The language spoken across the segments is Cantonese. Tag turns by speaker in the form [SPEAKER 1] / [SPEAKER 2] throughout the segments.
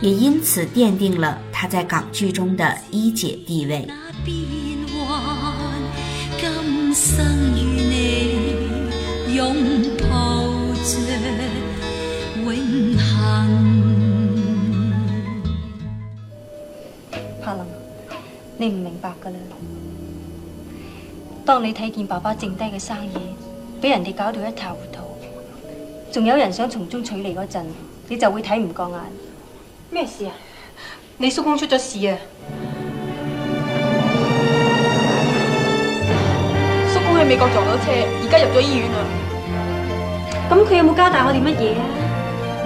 [SPEAKER 1] 也因此奠定了他在港劇中的一姐地位。柏林，你唔明白噶啦！當你睇見爸爸剩低嘅生意俾人哋搞到一塌糊塗，仲有人想從中取利嗰陣，你就會睇唔過眼。咩事啊？你叔公出咗事啊！叔公喺美國撞到車，而家入咗醫院啊！咁佢有冇交代我哋乜嘢啊？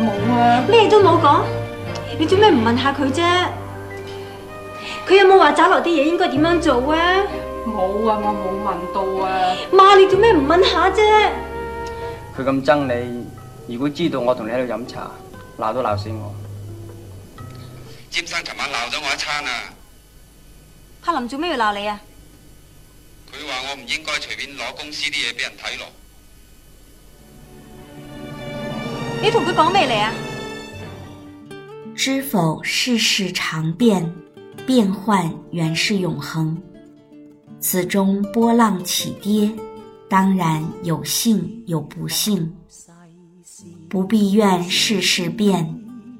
[SPEAKER 1] 冇啊！咩都冇講，你做咩唔問下佢啫？佢有冇話找落啲嘢應該點樣做啊？冇啊，我冇問到啊！媽，你做咩唔問下啫？佢咁憎你，如果知道我同你喺度飲茶，鬧都鬧死我！尖生尋晚鬧咗我一餐啊！柏林做咩要鬧你啊？佢話我唔應該隨便攞公司啲嘢俾人睇咯。你同佢講咩嚟啊？知否世事常變，變幻原是永恆。此中波浪起跌，當然有幸有不幸，不必怨世事變。